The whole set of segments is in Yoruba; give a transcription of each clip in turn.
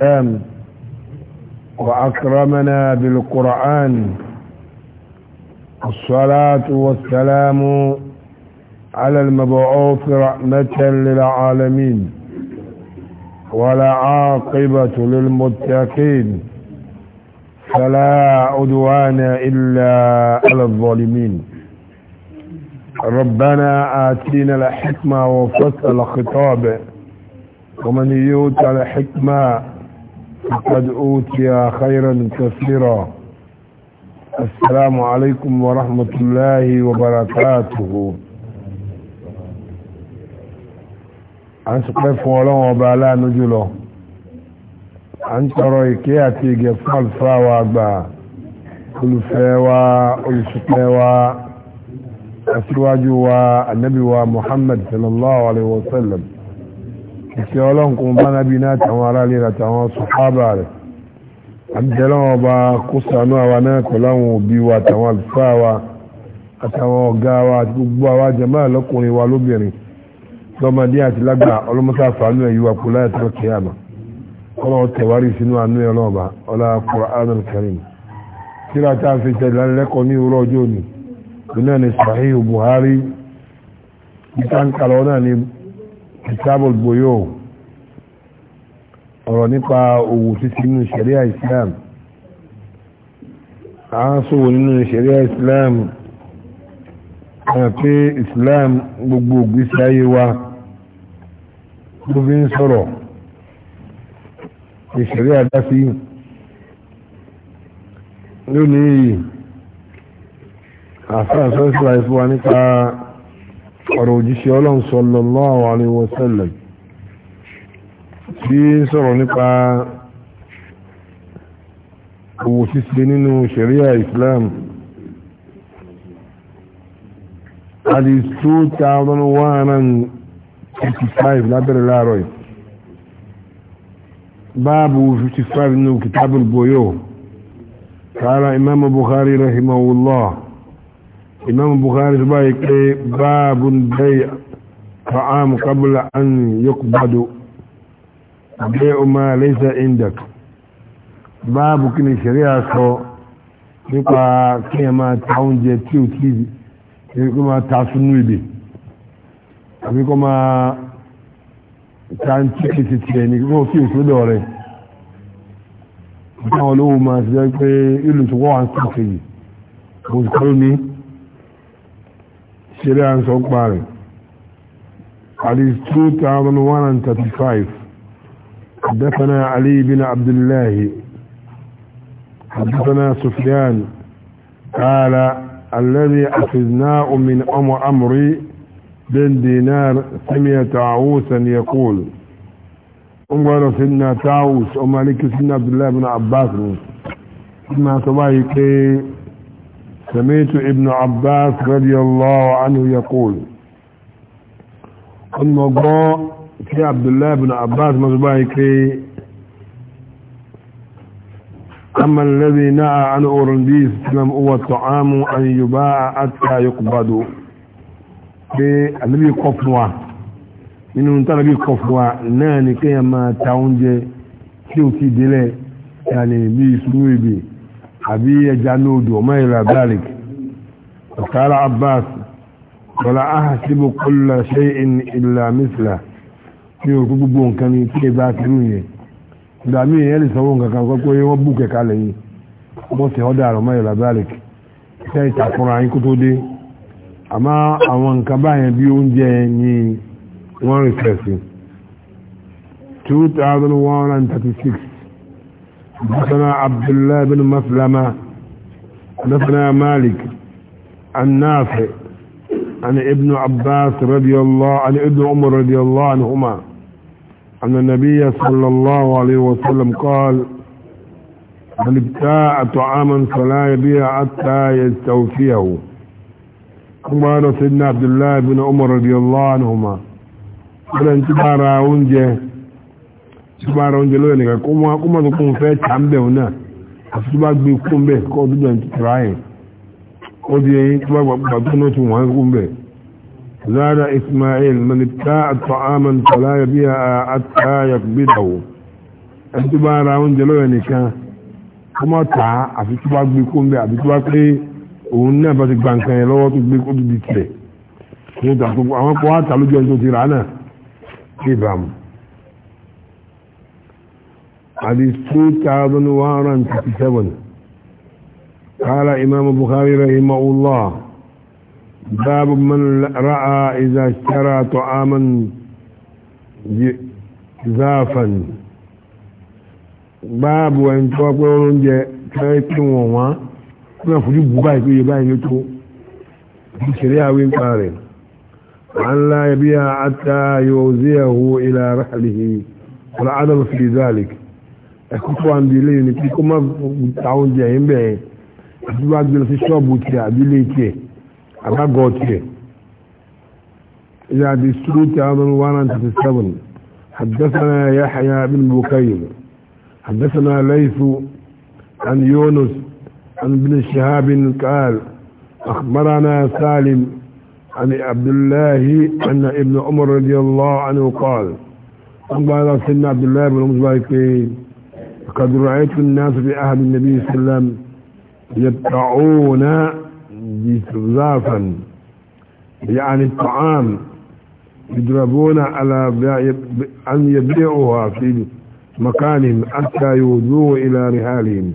السلام وأكرمنا بالقرآن الصلاة والسلام على المبعوث رحمة للعالمين ولا عاقبة للمتقين فلا عدوان إلا على الظالمين ربنا آتينا الحكمة وفصل خطابه ومن يؤتى الحكمه قد أوتي خيرا كثيرا السلام عليكم ورحمة الله وبركاته عن سقف ولو وبالا نجله عن ترويكي أتيجي فالفا وأقبع olùfẹ́ wa olùsùpẹ́ wa aṣíwájú wa annabi محمد صلى الله عليه وسلم ìfẹ́ ọlọ́nkún bá nábi náà tàwọn ará lè ràtàwọn sọ̀hábà rẹ̀ àbíjẹ́lọ́wọ́ bá kó sànú àwa náà pẹ̀lú òbí wa àtàwọn àlùfáà wa àtàwọn ọ̀gá wa àti gbogbo àwa jẹ́mọ́ àlọ́kùnrin wa lóbìnrin lọ́mọdé àti lágbà ọlọ́mọsáfàánú ẹ̀yí wa kò láyà tó Qur'an al-Karim kíra tá a fi tẹ̀lé lẹ́kọ̀ọ́ ní òwúrọ̀ ọjọ́ òní kitabul buyo ọ̀rọ̀ nípa òwò títí nínú sharia islam a ń sọ̀wọ̀ nínú sharia islam ọ̀nà pé islam gbogbo ògbésí ayé wa tó fi ń sọ̀rọ̀ ìṣẹ̀lẹ̀ àdásí lónìí àfáà sọ́sọ́ àìfúwa nípa ọ̀rọ̀ òjíṣẹ́ ọlọ́run sallallahu alaihi wasallam tí ń sọ̀rọ̀ nípa owó ṣíṣe nínú sharia islam hadith 2155 lábẹ́rẹ̀ láàárọ̀ yìí báàbù 55 nínú kitabul buyu qala imam bukhari rahimahullah imam bukhari sọ báyìí pé báàbù bẹ́ẹ̀ fa'am qabla an yuqbadu bẹ́ẹ̀ o máa laysa indak báàbù kí ni ṣẹ̀ríà sọ nípa kí ẹ máa ta oúnjẹ tí ò tí ì kí máa ta súnú ibè àbí kó máa ta ń tí kì ti tiẹ̀ ní kíkọ́ kí èso dọ̀ rẹ̀ nípa olówó máa ṣe pé ìlú tó wọ́n wà ń sàkéyì mo ní ṣeré à ń sọ parí hadith 2135 حدثنا علي بن عبد الله حدثنا سفيان قال الذي أخذناه من أم أمري بن دينار سمي تعوسا يقول أمر سنة تعوس أمالك سنة عبد الله بن عباس ما تبايك سميت ابن عباس رضي الله عنه يقول أن في عبد الله بن عباس مصباحك أما الذي نهى عن أورنديس لم هو الطعام أن يباع حتى يقبض النبي قفوة من النبي قفوة ناني كيما تاونجي كيوتي ديلي يعني بي سنوي بي أبي جنود وما إلى ذلك وقال عباس ولا أحسب كل شيء إلا مثله ní orúkú gbogbo nǹkan ni tí ẹgbẹ́ akínú yẹn ìgbà míì yẹn lè sanwó nǹkan kan kọ́ pé wọ́n bù kẹ̀kẹ́ lẹ́yìn wọ́n sì ọ́dà àrùn mọ́yọ̀ labalik iṣẹ́ ìtàkùnrà yín kó tó dé àmọ́ àwọn nǹkan báyẹn bí oúnjẹ ni wọ́n rìfẹ̀sì two thousand one hundred and thirty six حدثنا عبد الله بن مسلمة حدثنا مالك عن نافع عن ابن عباس رضي الله عن ابن عمر رضي الله عنهما أن النبي صلى الله عليه وسلم قال من ابتاع طعاما فلا يبيع حتى يستوفيه قال سيدنا عبد الله بن عمر رضي الله عنهما قال انتبه راونجه tí bá ara oúnjẹ lọ́yọ̀ nìkan kó mọ́ kó mọ́ tó kún fẹ́ tà ń bẹ̀ òun náà àti tó bá gbé kún bẹ̀ kọ́ dúdú ẹ̀ tìtìrà ẹ̀ ó di ẹyin tó bá gbàgbà tó wọ́n kún bẹ̀. zara ismail mani ta àtọ̀ amán tọ́lá yẹ bí àtà yẹ gbé dàwó ẹni tó bá ara oúnjẹ lọ́yọ̀ nìkan kó mọ́ tà àfi tó bá gbé kún bẹ̀ àfi tó bá pé òun náà bá ti gbà nǹkan yẹn lọ́wọ́ tó gbé kó dúdú tilẹ̀ àwọn kò wá tà ẹni tó ti rà náà حديث 2137 قال إمام البخاري رحمه الله باب من رأى إذا اشترى طعاما زافا باب وإن توقعون جاء كيف وما كنا فجوا بباي كي يباي يتو في شريعة وين قارن أن لا يبيع حتى يوزيه إلى رحله ولا والعدم في ذلك ẹ̀kú tó wà ń bi eléyìí ni pé kó má ta oúnjẹ yẹn bẹ́ẹ̀ àti wá gbé lọ sí ṣọ́ọ̀bù tiẹ̀ àbí ilé tiẹ̀ àbágọ̀ tiẹ̀. إذا دي سلوت عام 197 حدثنا يحيى بن بكير حدثنا ليث عن يونس عن ابن شهاب قال أخبرنا سالم عن عبد الله أن ابن عمر رضي الله عنه قال أخبرنا سيدنا عبد الله بن عمر قد رأيت الناس في أهل النبي صلى الله عليه وسلم يبتعون جزافا يعني الطعام يضربون على أن يبيعوها في مكانهم حتى يودوه إلى رحالهم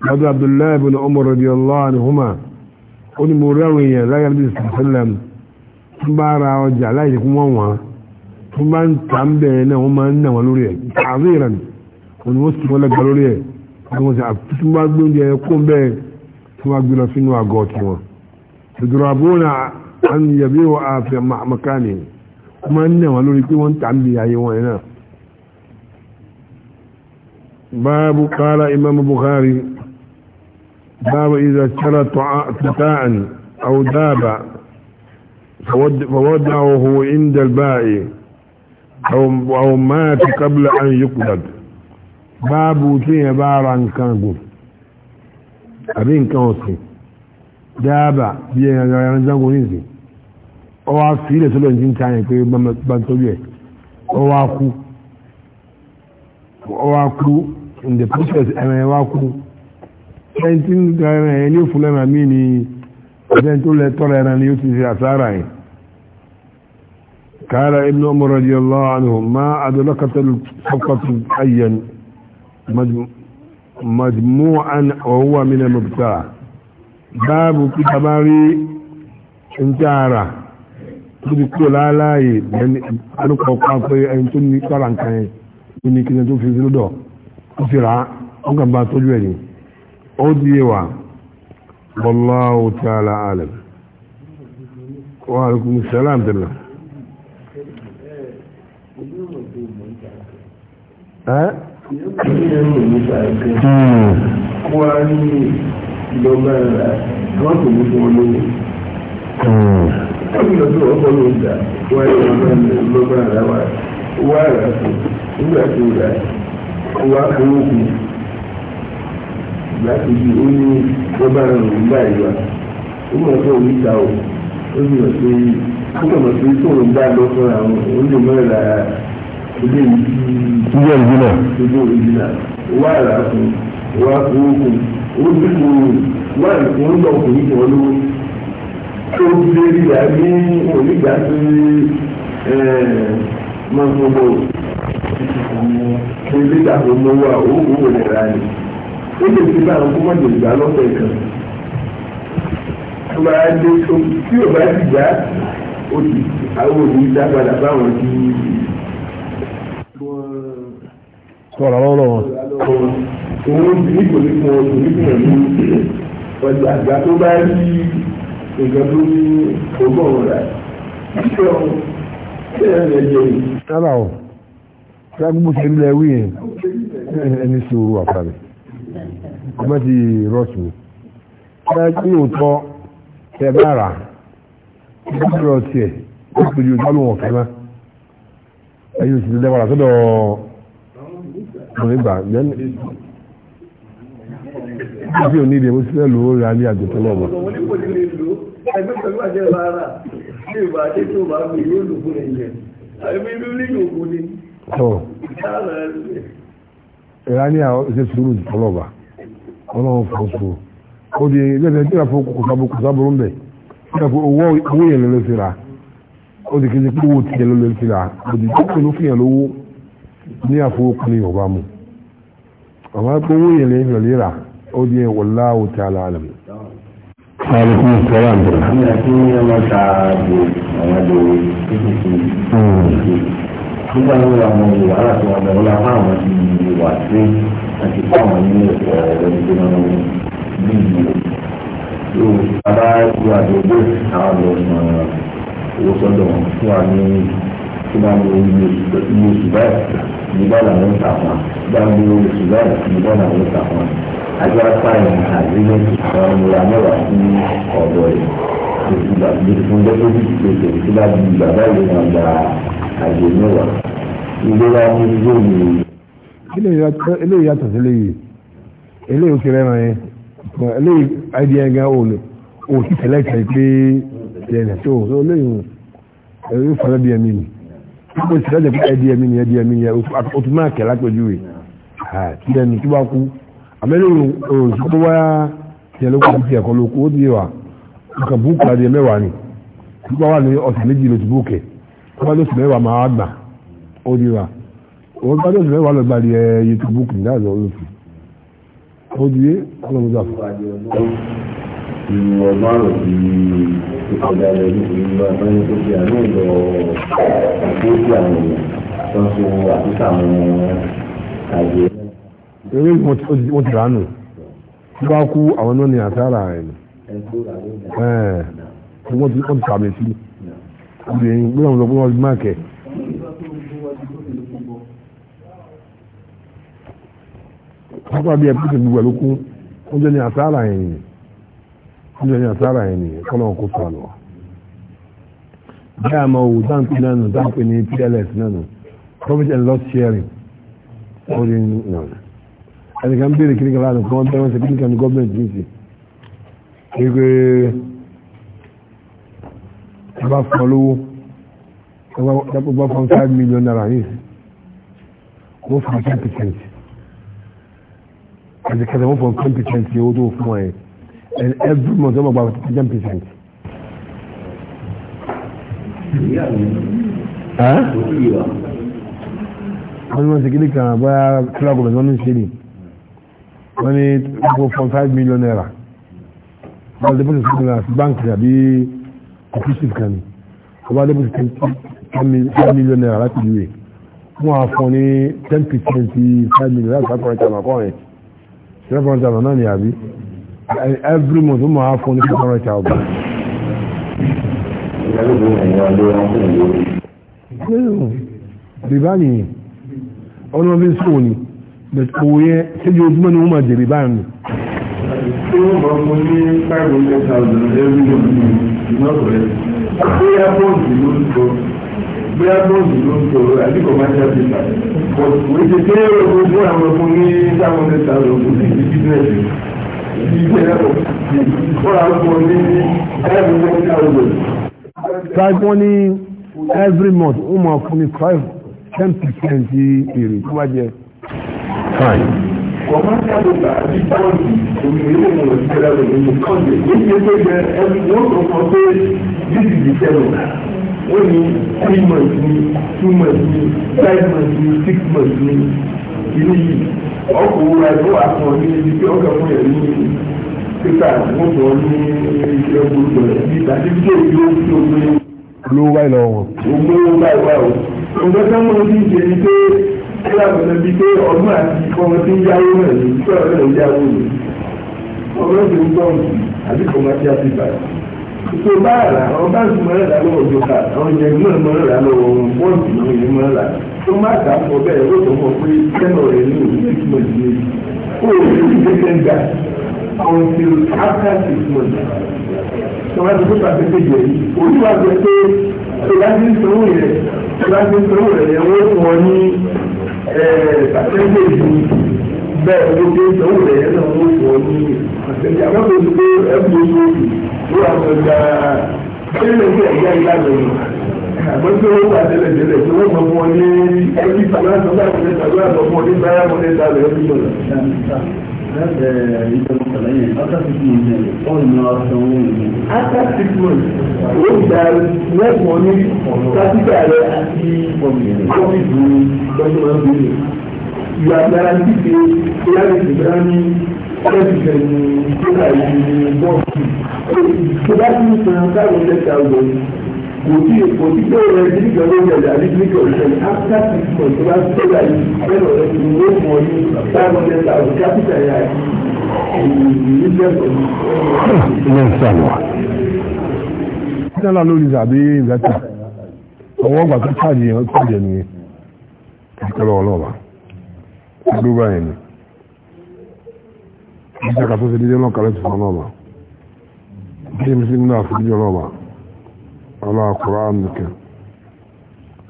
قد عبد الله بن عمر رضي الله عنهما قل مروي لا يلبس صلى الله عليه وسلم ثم رأى وجع لا يكون ثم انتم بينهما أنه لوريا تعذيرا wọn ni wọ́n sì wọ́n lẹ́gbàá lórí ẹ̀ àwọn sì àtúntò máa gbé oúnjẹ kó ń bẹ́ẹ̀ tí wọ́n gbé lọ sínú àgọ́ tiwọn. ìdúró àbúrò àwọn ìyàbí wọn àfi àmàkánì wọ́n máa ń nà wọn lórí pé wọ́n ń tà ń bi ayé wọn yẹn náà. باب قال إمام بخاري باب إذا اشترى قطاعا أو دابة فودعه عند البائع أو مات قبل أن يقبض báàbù tí yẹn bá ra nǹkan gùn àbí nǹkan ọ̀sìn dáàbà bí ẹ̀yàn ara ẹran jágun ní ìsìn ọ wá fi ilẹ̀ sọ́lọ̀ ní ta yẹn pé bá ń tọ́jú ẹ̀ ọ kú ọ kú in the process ẹran ẹ̀ wá kú ẹni tí ń ga ẹran ẹ̀ ní òfin lẹ́ran mí ni ẹni tó lẹ tọ́ra ẹran ni ó ti ṣe àsára yẹn قال ابن عمر رضي الله عنهما أدلكت الحقة حيا مجموعا وهو من المبتلى باب كتباري انتارا tóbi kúrò láàláàyè lẹ́ni alùpọ̀ kan pé ẹni tó ní kára nǹkan yẹn ní ní kíni tó fi sílódọ̀ ó fi rà á ó kàn bá tójú ẹ̀ ní ó di wa wallahu ta'ala alam wa alaikum salam tẹ̀lé. ẹ́ láti bí ó ní rọ́bà rẹ̀ ilé ìgbìnà. ilé wà láàfin wà kúrúkú ó sì kúrú wà ìfún lọ kò ní wọn lówó tó lé ní onígbà tó mọ̀tòmọ̀ ṣe lé ìdàpọ̀ mọ́ wa ó kú wò lè ra ó lè fi bá àwọn kọ́mọ̀dé ìgbà lọ́sẹ̀ kan tó bá dé tó tí ò bá ti já ó ti àwọn òbí dá padà báwọn ti sọ̀rọ̀ lọ́wọ́ lọ́wọ́. owó ti ní kò ní fún ọ kò ní fún ẹ̀mí ọjà àgbà tó bá rí nǹkan tó ní ogún ọ̀rọ̀ ṣíṣe ọ̀hún ṣé ẹ̀ ń jẹ yìí. sábà o sábàgbọ́ ṣe ń lẹ wí yẹn ẹni sòrò àpàlẹ̀ ọmọ ti rọ̀ṣù ṣáà kí òótọ́ ẹ bá rà ìdúró tiẹ̀ ó pèjì òjò àlùwọ̀n kẹ́má ẹ̀yìn òṣìṣẹ́ lẹ́wọ̀n àtọ́dọ̀ wọ́n gbà gẹ́nu ìgbà tí ò ní ìdè mo ti fẹ́ lò ó rà ní àjò tó lọ́wọ́. ẹgbẹ́ pẹ̀lú àjẹ́ rárá ní ìgbà àti tó bá mi yóò lò fún ẹ̀yẹ àìmọ́ ibi ní ògùn ni. ìrà ní àwọn ṣe sùúrù tó lọ́wọ́ ọlọ́run fọ́ sùúrù ó di ẹgbẹ́ tí wọ́n fọ́ kòkòrò sábúrú ń bẹ̀ owó yẹn ló lè fi rà ó di kejì pé owó tiẹ̀ ló lè fi rà tó kò ló fi hàn lówó ní àfowópamọ́ ní ọba mu àwọn akówó yẹn lè yọ lera ó di yẹn wallahu ta'ala alam. alaikum salaam àǹtẹ̀rẹ̀. àmì àti ọmọ ta àbò àwọn àbò nígbà tó wà mọ ìwà láti wọn bẹ̀rẹ̀ wọn fún àwọn ti ìwà sí àti fún àwọn ilé ẹ̀kọ́ ẹ̀rọ fún wa ní tí wọn mú iye nígbà làwọn ta fún wa gbàgbé ìlọrin nígbà làwọn ta fún wa àjọ apáyọ àgbélé àwọn ìlà mẹ́wàá sí ọ̀dọ̀ rẹ̀ ìgbà tuntun dẹ́kọ́bí ìgbésẹ̀ tí bá di ìgbà báyìí wọn gba àjò mẹ́wàá ìlera ní ilé ìlú. eléyìí yàtọ̀ sí eléyìí eléyìí ó ti rẹ́ ran yẹn eléyìí àìdíyẹ gan ò lè ò ti tẹ̀lé kẹ́ pé ìyẹn tó eléyìí ò fọlọ́ bí ẹ̀mí ni gbogbo ìsìlẹ̀jẹ̀ pé ẹ̀dí ẹ̀mí ni ẹ̀dí ẹ̀mí ni otu máa kẹ̀ lápẹ̀júwe tí ẹni tí wá kú àmẹ́lẹ́ òṣùpá wá tiẹ̀ ló kú tiẹ̀ kọ́ ló kú ó di wa nǹkan búùkù adé mẹ́wàá ni nígbà wà ní ọ̀sẹ̀ méjì ló ti búùkù ẹ̀ mẹ́wàá máa gbà ó di wa wọ́n mẹ́wàá lọ ẹ̀ ìwọ̀n márùn-ún ti kọjá lọ ní ìlú abẹ́rẹ́ tó fi àánú lọ àkókò àwọn èèyàn tó ń so àkókò àwọn àjẹ. eré mo ti ránù tí wọ́n kú àwọn náà ní àtàrà rẹ̀ ni wọ́n ti sàmì sí obìnrin gbọ́dọ̀ lọ fún ọdún máàkẹ́. pápá bíi ẹ̀kú ti gbogbo ẹ̀ ló kún wọ́n jẹ́ ní àtàrà yẹn ní ọjọ́ sára ẹ̀ nìyẹn kọ́lọ̀ kó sọ àlọ́ bí a máa wù dáńpé náà nù dáńpé ní pls náà nù profit and loss sharing orí náà ẹni kan béèrè kí ní kan láàrín kan bẹ́ẹ̀ wọ́n ṣe kí ní kan ní gọ́ọ̀mẹ̀ntì ní sí wípé ẹ bá fọ́ lówó ẹ bá fọ́ five million naira yìí wọ́n fọ́ ten percent àti kẹsàn-án ten percent owó tó fún ẹ every month ọmọ gba ten percent. wọ́n ní wọ́n ṣe kíní kan bóyá tíra gọ̀mẹ̀ wọ́n ní ṣe ni wọ́n ní two point five million naira wọ́n deposit fún mi àti bank àbí cooperative kan ni wọ́n deposit ten million naira láti ìlú rẹ̀ wọ́n á fún ní ten percent five million láti five point five àkọ́ yẹn seven point five náà ni àbí every month ó máa fún ní five hundred thousand. bèbá nìyẹn ọlọ́run fi ń sọ̀rọ̀ ni but owó yẹn ṣéjú ojúmọ́ ni wọ́n máa jẹ bèbá mi. ṣé wọ́n bá fún ní five every month ní ìmọ̀ọ́sọ̀rẹ́ bóyá bọ́ọ̀sì ló ń sọ bóyá bọ́ọ̀sì ló ń sọ àdìgbò máa ń ṣe àfihàn kò wíṣẹ́ pé ojú àwọn ọkùnrin táwọn ọ̀dẹ́ta lọ́kùnrin ní bísíǹsì five wọ́n ní every month wọ́n máa fún ní five ten percent èrè tó bá jẹ. wọ́n ní three months ní two months ní five months ní six months ní ìlú yìí ọkọ̀ owó ẹ̀rọ àti ọ̀dún ibi tí ọkọ̀ fún ẹ̀rí pípa mọ́tò ní ilé gbogbo rẹ̀ níta tí tí èyí ó fi omi. olówó báyìí lọ wọn. omi owó báyìí wà o. ọ̀gá sáwọn oní ìṣe ni pé ẹ̀rọ àbọ̀nà bíi pé ọdún àti ọmọ tí ń yáwó náà ní tí ọ̀rẹ́ rẹ̀ yáwó ní. ọ̀rẹ́ rẹ̀ ń gbọ́n àbí kò máa ti àti bàtà tó bá rà àwọn báńkì mọ́rẹ́lá tó má dà ń bọ̀ bẹ́ẹ̀ yóò tó mọ̀ pé sẹ́nà rẹ̀ ní òní six months ní èyí ó lè fi tẹ́tẹ́ ń ga until after six months tó má ti kó ta tẹ́tẹ́ jẹ yìí òní wà jẹ pé ìlànà ìsanwó rẹ̀ ìlànà ìsanwó rẹ̀ yẹn wọ́n fún ọ ní ṣàtẹ́jẹ́ ìlú bẹ́ẹ̀ ló dé ìsanwó rẹ̀ yẹn náà wọ́n fún ọ ní ṣàtẹ́jẹ́ àwọn tó ti pé ẹ̀kú oṣooṣù ló wà fún ẹ̀ka ẹ̀ka ẹ̀ka ìlànà ìlú àmọ́ tí wọ́n wà tẹ́lẹ̀ tẹ́lẹ̀ tí wọ́n mọ̀ fún ọ ní ẹbí fúláṣọ láti mẹ́ta ló àtọ̀ fún ọ ní báyà mọ́ lẹ́ta rẹ̀ ẹbí lọ́la. After six months, ó gba lẹ́gbọ̀n ní kápítà rẹ̀ àti ọ́fíìsì lọ́jọ́ náà bí mi. Ìyá agbára ti ṣe láti ṣèjọba ní ọ́fíìsì ní ìjọba ìlú bọ́ọ̀sì. Ìjọba ti ń san káàrọ̀ lẹ́ta ọ̀gbọ̀n kò tí kò tí tó rẹ nígbà ló rẹ dà nígbà tó rẹ sẹ́yìn after six months wá tó rà yìí bẹ́ẹ̀ rẹ ti wó mọ ní five hundred thousand capital yà ní lẹ́kọ̀ọ́. ní ìsàlùwà. nígbà lórí ìzàbí ìgbàtà ọwọ́ ọgbà tó ṣáàjì yẹn tó jẹ nìyẹn ìkọlọ ọlọ́ọ̀bà ọdún báyìí ni ìṣàkàtúnṣe dídé náà kàlẹ́ tó fún ọlọ́ọ̀bà bí èmi sí nínú àfojúdi ọlọ́ọ̀bà. على قرآنك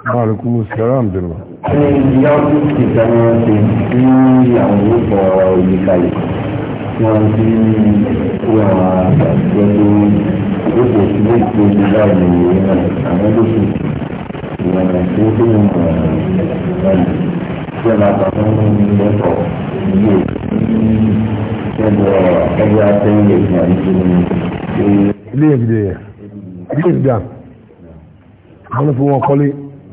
عليكم السلام دلما ilé ìgbìyànjú ilé ìgbìyànjú wọ́n fi wọn kọ́lé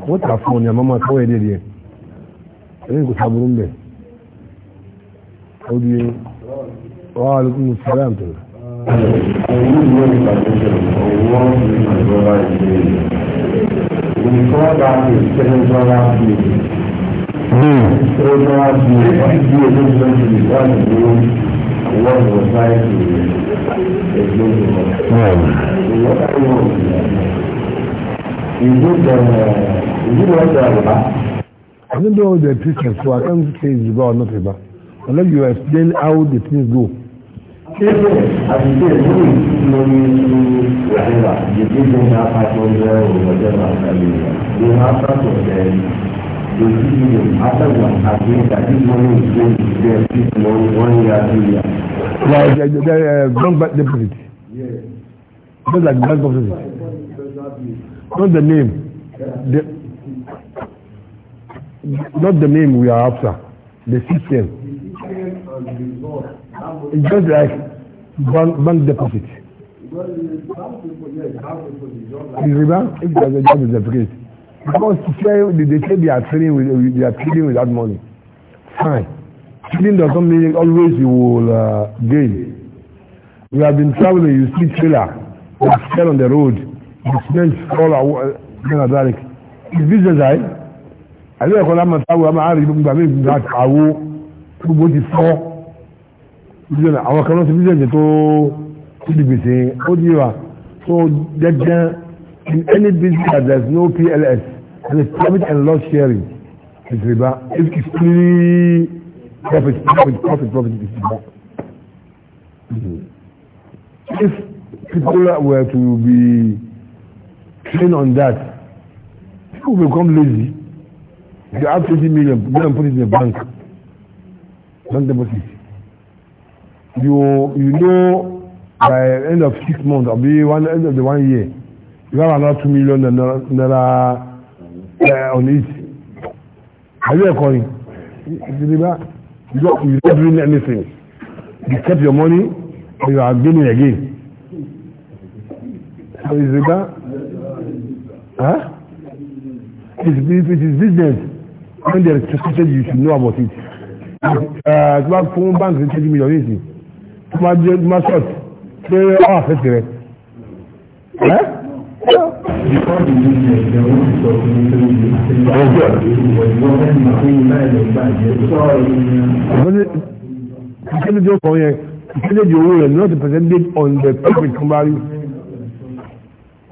wọ́n tà fún ọ̀nà mọ́mọ́ tó wẹ̀ dédé ẹ̀yìn kò sàbùrù mbẹ̀ ó di wọ́n wà lókùn sàrẹ́ àmtẹ̀lẹ̀. What was I doing? What I was doing? I don't know the Christians, so I can't say it's Riba or not Riba. Unless you explain how the things go. They give you after one again that this money is going to their people one year, two Like the, the bank deposit. Yes. Just like bank deposit. Not the name. The, not the name we are after. The system. It's just like bank, bank deposit. Riba, if there's a job is a Because they say they are trading with they are trading without money. Fine. Trading does not mean always you will uh, gain. We have been traveling, you see trailer that fell on the road. Uh, dispense all our mena dalik ìbíjẹ zai àlẹ́ ẹ̀kọ́ lámà táwọn àmà àrí gbogbo àmì ìgbà àwọ gbogbo ti fọ́ ìbíjẹ náà àwọn kan lọ́sí ìbíjẹ jẹ tó tó di gbèsè in any business that there no PLS and is profit and loss sharing is riba if it's clearly profit profit profit profit is riba. Mm-hmm. If people were to be train on that. People become lazy. you have twenty million, go and put it in a bank. Bank deposit. You, you know by end of six months, or be one end of the one year, you have another two million naira uh, on it. Are you recording? You don't, you don't doing anything. You kept your money, and you are gaining again. So is that Huh? It's, if it is business, when they are suspected, you should know about it. Uh, Tí wọ́n fún báńkì ní twenty my nísìn, tí wọ́n jẹ́ tí wọ́n short, ṣé ọ̀ ah, àfẹ́sẹ̀ rẹ̀? Ìkéde tí ó kàn yẹn, ìkéde tí owó rẹ̀ not the percentage on the profit kan bá rí.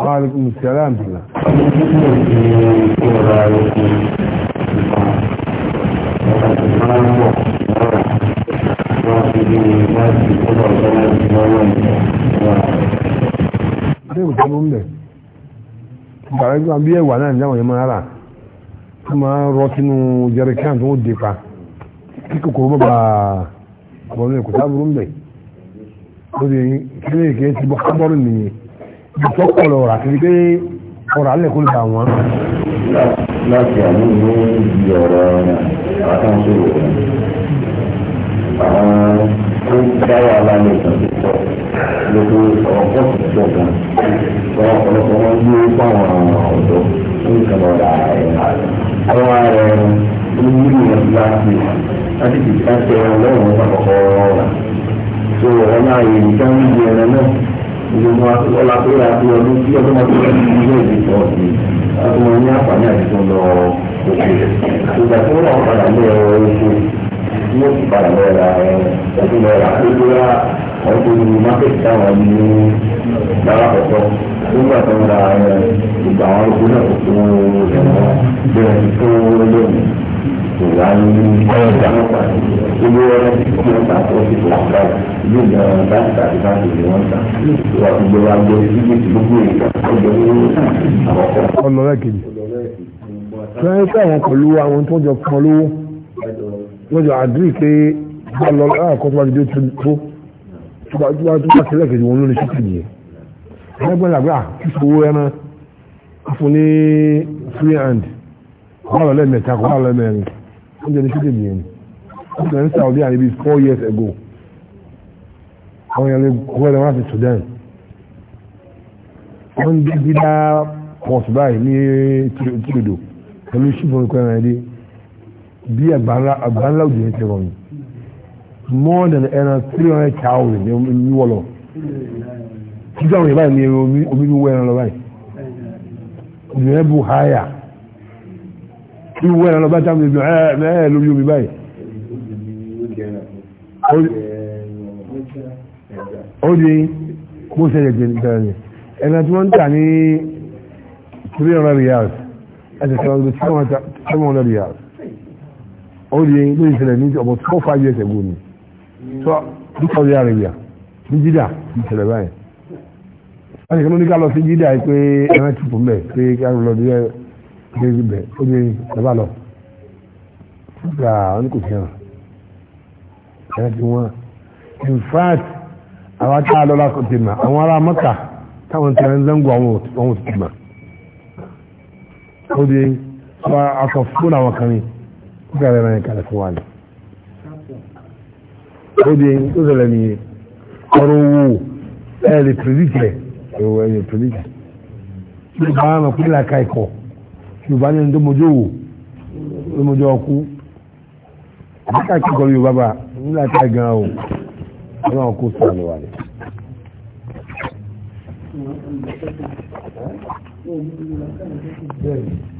Alaikum salam bila. Ṣé ìwòsàn ló ń bẹ̀? Bàrá ìgbà bí ẹ̀wà náà ní àwọn ẹ̀mọ́ ara tó máa rọ sínú jẹrìkán tó ń dè pa. Kí kòkòrò bàbà àwọn ẹ̀kọ́ sábúrú ń bẹ̀. Ó di ti bọ́ kábọ́rù nìyẹn ìtọ́pọ̀ lọ rà kiri pé ọ̀rọ̀ alẹ́ kó lè bà wọ́n. láti àmú ló ń di ọ̀rọ̀ àtúnṣe rẹ̀ àwọn tó ń dáwọ́ aláàlẹ́ ìtàn tó tọ́ lóko ọ̀rọ̀ pọ́ọ̀tù tó gan ọ̀rọ̀ ọ̀pọ̀lọpọ̀ wọn yé fáwọn ọ̀dọ́ ń kàn ọ̀dà àwọn ààrẹ ń nílò wọn láti láti fi ká tẹ ọlọ́run ọ̀pọ̀lọpọ̀ ọ̀rọ̀ tó ọ̀rọ̀ náà yìí ká ń di ẹran náà ìlú ọlá tó yà sí ọdún tí ọdún ọdún ọdún ilé ìdí sọ sí ọdún wọn ní àǹfààní àdìsọ lọ òkè ìgbà tí wọn náà padà lé ẹ̀rọ oṣù tí wọn sì padà lọ ra ọdún lọ ra lójú ra ọdún ní mákèjì táwọn ní dára pọ̀pọ̀ nígbà tó ń ra ìgbà àwọn ogun náà tó tó ẹ̀rọ bẹ̀rẹ̀ tó lónìí ìwà kọ́ọ̀dà gbogbo ọ̀rẹ́ tí kò ń ta ó ti fò àgbà yóò jẹ́ ọ̀rọ̀ láti tàbí láti lè wọ́n ta ìwà gbogbo wa gbé síbi tí gbogbo ìgbà ọjọ́ ló àkọ́kọ́. ọlọ́rẹ́ kejì fẹ́ẹ́ sáwọn pẹ̀lú àwọn tó jọ kan lówó wọ́n jọ àdúrà pé bá lọ láàkọ́tọ́ ah, bá ti dé tó tó bá tó bá tó bá tẹ́lẹ̀ kejì wọn ló lè ṣe kejì yẹn. ẹgbẹ́ làgbà ah, kí sowó ẹran fún ní free hand wọ́n lọ lẹ́mẹ̀ta kọ́ wọ́n lọ lẹ́mẹ̀rin wọ́n jẹ́ ní kíkẹ́ nìyẹn ni wọ́n ti lọ ní Saudi Arabia bíi four years ago àwọn yẹn lè kó ẹ̀rọ wọn àti Sudan wọ́n ń gbé dídá port báyìí ní tìrìdò pẹ̀lú ṣùgbọ́n ìkọ́ ẹ̀rọ ẹ̀dẹ́ bí àgbáńlá òjò yẹn ti rọ̀ yìí more than ẹ̀rọ three hundred thousand ní wọ́n lọ títí àwọn yẹn báyìí ní omi ní wọ́n ẹ̀rọ lọ báyìí òjò yẹn bu háyà bí wọ́n ẹ̀rọ bá dámì ìlú ẹ̀ẹ́ lórí omi báyìí ó di mú sẹ́yẹ̀ jẹ́rẹ̀ ẹ̀nà tí wọ́n ń tà ní 300 riyals ẹ̀sẹ̀ 700 riyals ó di ló ń ṣẹlẹ̀ ní ọmọ 4-5 years ago ni so bí Saudi Arabia ní jídà ní ṣẹlẹ̀ báyìí wọ́n ti kọ́ ní ká lọ sí jídà pé ẹ̀rọ ti fún bẹ́ẹ̀ pé ká lọ sí jídà léyìn bẹ ó ní bàbá lọ nígbà wọn kò fi hàn ẹ̀rẹ́ ti wọ́n in fact àwọn tá a lọ́la kò ti mà àwọn ará mọ́kà táwọn tẹ̀lé ń zango àwọn ò ti mà ó di sọ akọ fún àwọn kan ní nígbà rẹ̀ rẹ̀ kalẹ̀ fún wa ni ó di ó sọ̀rọ̀ ní ọ̀rọ̀ owó ẹ̀ lè pèlítẹ̀ ẹ̀ lè pèlítẹ̀ nígbà wọn kò ní làákà ẹ̀kọ́ yorùbá ní ẹni tó mojú wò ló mojú ọkú nígbà tí kọ́ yorùbá bá nígbà tí a gan o ọlọ́run kó sàn lọ́wọ́ rẹ̀. Thank you.